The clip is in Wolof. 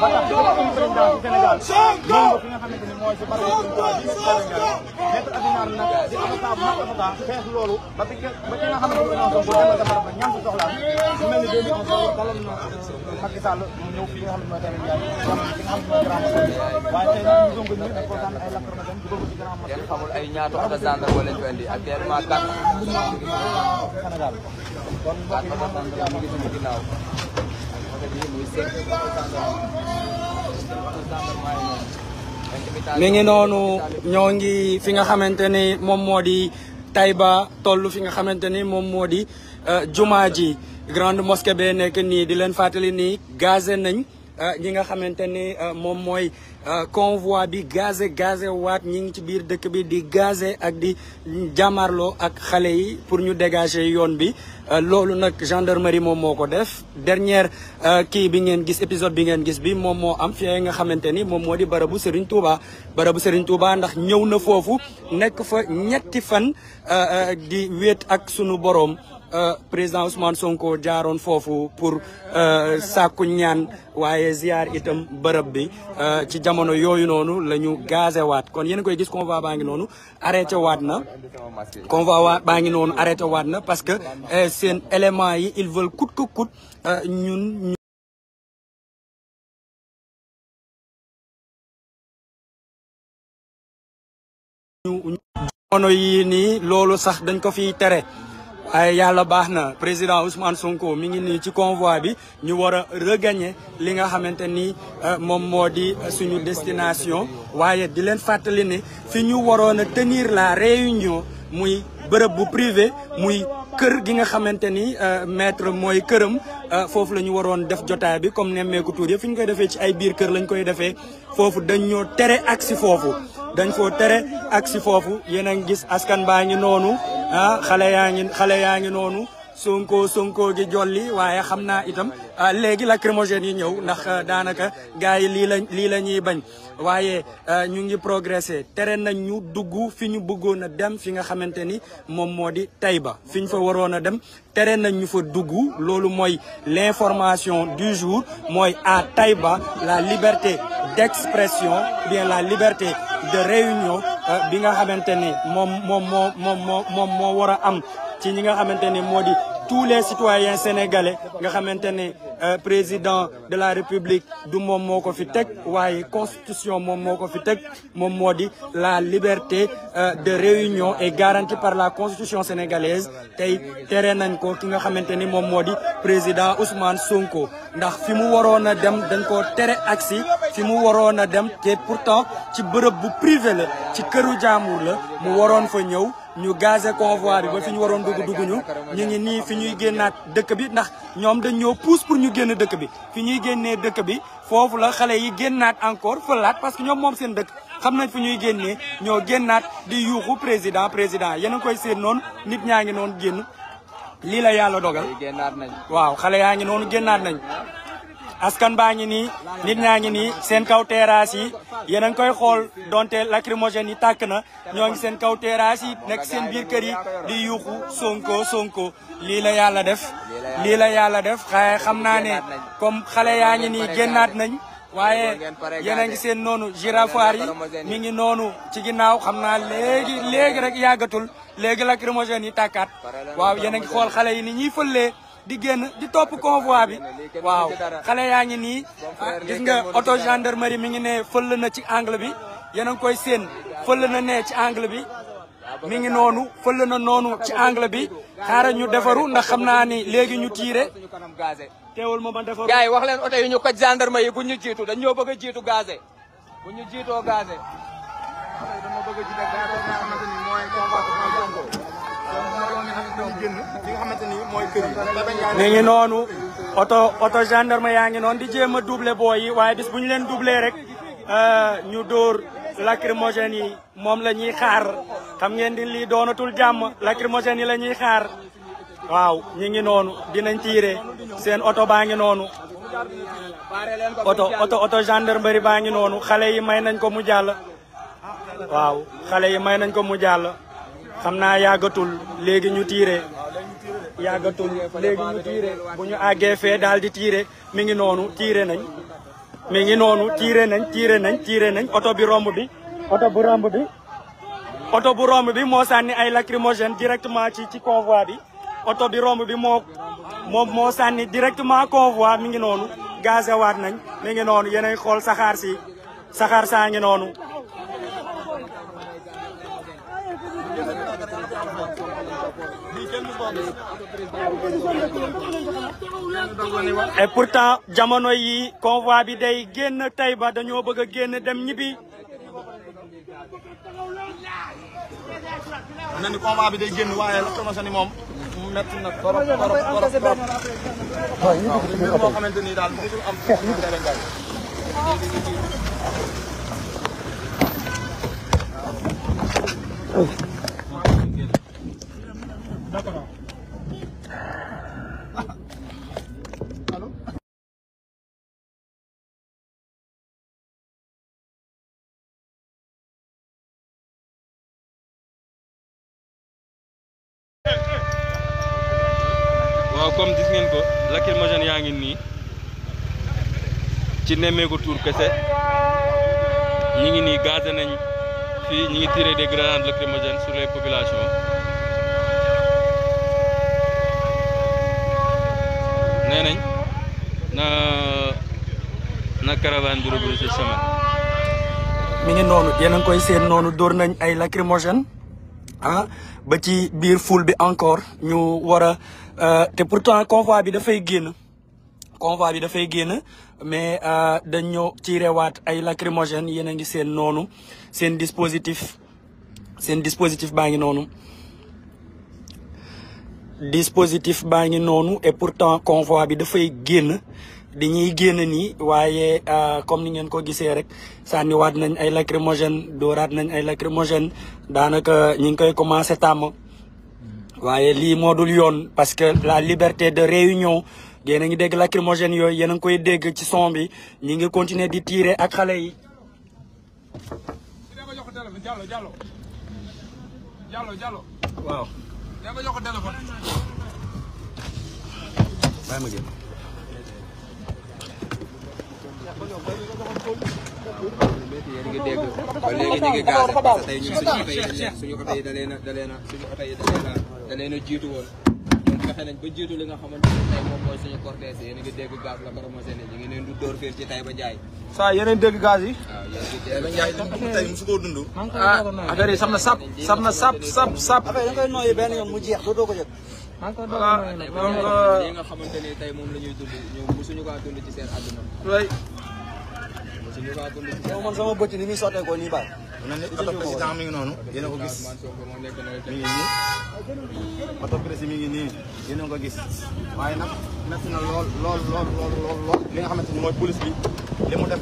ba tax dëkk président du Sénégal ñëw fi nga xamante ni mooy si par rapport ak biir Sénégal maître Abinar nag di avocat bu mag avocat xeex loolu ba bi ba ki nga xamante ni ñoom bu demee defar ba ñam si soxlaam su mel ni deux mille onze daloon na Macky Sall mu ñëw fi nga xam ne mooy Taïba Ndiaye jàmm fi nga xam ne mooy grand Macky waaye tey nag ñu dong ñu def ko tànn ay lacrymogène dugal ko ci grand Macky kenn xamul ay ñaata oto gendarme lañ fi andi actuellement quatre Sénégal kon mbokk yi ñu ngi suñu ginnaaw bi muy cinq mi ngi noonu ñoo ngi fi nga xamante ni moom moo di Taïba toll fi nga xamante ni moom moo di euh, jumaa ji grande mosquée bee nekk nii di leen fàttali nii gazé nañ Ah, ñi nga xamante ni ah, moom mooy ah, convoi bi gazé gazé waat ñi ngi ci biir dëkk bi di gazé ak di jàmmarloo ak xale yi pour ñu dégager yoon bi loolu nag gendarmerie moom moo ko def dernière kii bi ngeen gis épisode bi ngeen gis bi moom moo am fii nga xamante ni moom moo di barabu Serigne Touba barabu Serigne Touba ndax ñëw na foofu nekk fa ñetti fan di wéet ak sunu boroom Euh, président Ousmane Sonko jaaroon foofu pour euh, sàkku ñaan waaye ziar itam bërëb bi euh, ci jamono yooyu noonu lañu ñu waat kon yéen koy gis convoi baa ngi noonu arrêté waat na convoi waat ngi noonu arrêté waat na parce que seen élément yi ils veulent coûte que coûte ñun jamono yi nii loolu sax dañ ko fi tere waaye yàlla baax na président Ousmane Sonko mu ngi nii ci convoi bi ñu war a regagner li nga xamante ni euh, moom moo di suñu destination waaye di leen fàttali ne fi ñu waroon a tenir la réunion muy bërëb bu privé muy kër gi nga xamante ni euh, maître mooy këram euh, foofu la ñu waroon def jotaay bi comme nemmeeku tuur yëpp fi ñu koy defee ci ay biir kër lañu koy defee foofu dañ ñoo tere ak si foofu dañ koo tere ak si foofu yéen a ngi gis askan baa ngi noonu ah xale yaa ngi xale yaa ngi noonu sonko sonko gi jolli waaye xam naa itam ah, léegi lacrymogène yi ñëw ndax ah, daanaka gars yi lii la lii la ñuy bañ waaye ah, ñu ngi progressé tere nañ ñu dugg fi ñu bëggoon a dem fi nga xamante ni moom moo di Taïba fi ñu fa waroon a dem tere nañ ñu fa dugg loolu mooy l'information du jour mooy à tayba la liberté d'expression bien la liberté de réunion Euh, bi nga xamante ni moom moom moo moom moom war a am ci ñi nga xamante ni moo di tous les citoyens sénégalais nga xamante Euh, président de la république du moom moo ko fi teg waaye constitution moom moo ko fi teg moom moo di la liberté euh, de réunion est garantie par la constitution sénégalaise tey tere nañ ko ki nga xamante ni moom moo di président Ousmane Sonko ndax fi mu waroon a dem dañ ko tere agsi fi mu waroon a dem te pourtant ci bërëb bu privé la ci këru jaamur la mu waroon fa ñëw ñu gazé convoi bi ba fi ñu waroon dugg dugg ñu ñu ngi nii fi ñuy génnaat dëkk bi ndax ñoom dañ ñoo pousse pour ñu génn dëkk bi fi ñuy génnee dëkk bi foofu la xale yi génnaat encore fëlaat parce que ñoom moom seen dëkk xam nañ fi ñuy génnee ñoo génnaat di yuuxu président président yéen a koy seet noonu nit ñaa ngi noonu génn lii la yàlla dogal waaw xale yaa ngi noonu génnaat nañ askan baa ngi nii nit ñaa ngi ni seen kaw terrasse yi yéen a ngi koy xool donte lacrymogène yi tàkk na ñoo ngi seen kaw terrasse yi nekk seen biir kër yi di yuuxu sonko sonko lii la yàlla def lii la yàlla def xaye xam naa ne comme xale yaa ngi ni nii génnaat nañ waaye yéen a ngi seen noonu girafoire yi mi ngi noonu ci ginnaaw xam naa léegi léegi rek yàggatul léegi lacrymogène yi tàkkaat waaw yéen a xool xale yi ni ñuy fëllee di génn di topp convoi bi waaw xale yaa ngi nii ah, gis nga auto gendarmerie mi ngi ne fël na ci angle bi yéen a koy séen fël na ne ci angle bi mi ngi noonu fël na noonu ci angle bi xaaral ñu defaru ndax xam naa ni léegi ñu tiire teewul ma ma defaru gars yi wax leen oto yi ñu ko gendarme yi bu ñu jiitu dañ ñoo bëgg a jiitu gazé bu ñu jiitoo mi ngi noonu oto oto ma yaa ngi noonu di jéem a doublé booy yi waaye bis bu ñu leen doublé rek euh, ñu dóor lacrymogène yi moom la ñuy xaar xam ngeen di li doonatul jàmm lacrymogène yi la ñuy xaar waaw ñi ngi noonu dinañ tiire seen oto baa ngi noonu oto oto oto gendarmerie baa ngi noonu xale yi may nañ ko mu jàll waaw xale yi may nañ ko mu jàll xam naa yàggatul léegi ñu tiire yàggatul léegi ñu tiire bu ñu àggee fee daal di tiire mi ngi noonu tiire nañ mi ngi noonu tiire nañ tiire nañ tiire nañ oto bi romb bi oto bu romb bi oto bu romb bi moo sànni ay lacrymogène directement ci ci convoi bi oto bi romb bi moo moom moo sànni directement convoi mi ngi noonu waat nañ mi ngi noonu yeneen xool saxaar si saxaar saa ngi noonu et pourtant jamono yi convoi bi day génn Taïba dañoo bëgg a génn dem ñibbi. bi day génn waaw comme gis ngeen ko lacrymogène yaa ngi nii ci nemmeeku tour kese ñi ngi nii gazé nañ fii ñi ngi tiré des grenades lacrymogènes sur les populations nee nañ na na caravane bi rebroussé mi ngi noonu yéen a ngi koy seen noonu dóor nañ ay lacrymogène ah ba ci biir foule bi encore ñu war a Euh, te pourtant convoi bi dafay génn convoi bi dafay génn mais euh, dañ ñëw tiirewaat ay lacrymogène yéen a ngi seen noonu seen dispositif seen dispositif baa ngi noonu dispositif baa ngi noonu et pourtant convoi bi dafay génn di ñuy génn nii waaye euh, comme ni ngeen ko gisee rek sànniwaat nañ ay lacrymogène dooraat nañ ay lacrymogène daanaka ñi ngi koy commencé tàmm waaye lii moo dul yoon parce que la liberté de réunion yéen a ngi dégg lacrymogène yooyu yéen a koy dégg ci son bi ñi ngi continuer di tirer ak xale yi. waaw. léegi da leen jiitu woon ñoom fexe ba jiitu li nga xamante ne moom mooy suñu cortège yéen a ngi la promotion ne ñu ngi leen du dóor fiir ci saa yeneen dégg yi waaw yéen ci Taïba Ndiaye moom tey ah, sam na sap sam na sap sap sap affaire da ngay nooyi benn yoon mu jeex dootoo ko jot voilà ah, ah, euh, euh, nga xamante ne tey moom la ñuy dund ñoom mosuñu kaa dund ci seen àdduna mosuñu kaa dund ci seen man sama bëcc ni muy sottee ko nii baax mel ni oto président mi ngi noonu yéen a ko gis mi ngi nii oto président mi ngi nii yéen a ko gis waaye nag metti na lool lool lool lool lool li nga xamante ni mooy police bi li mu def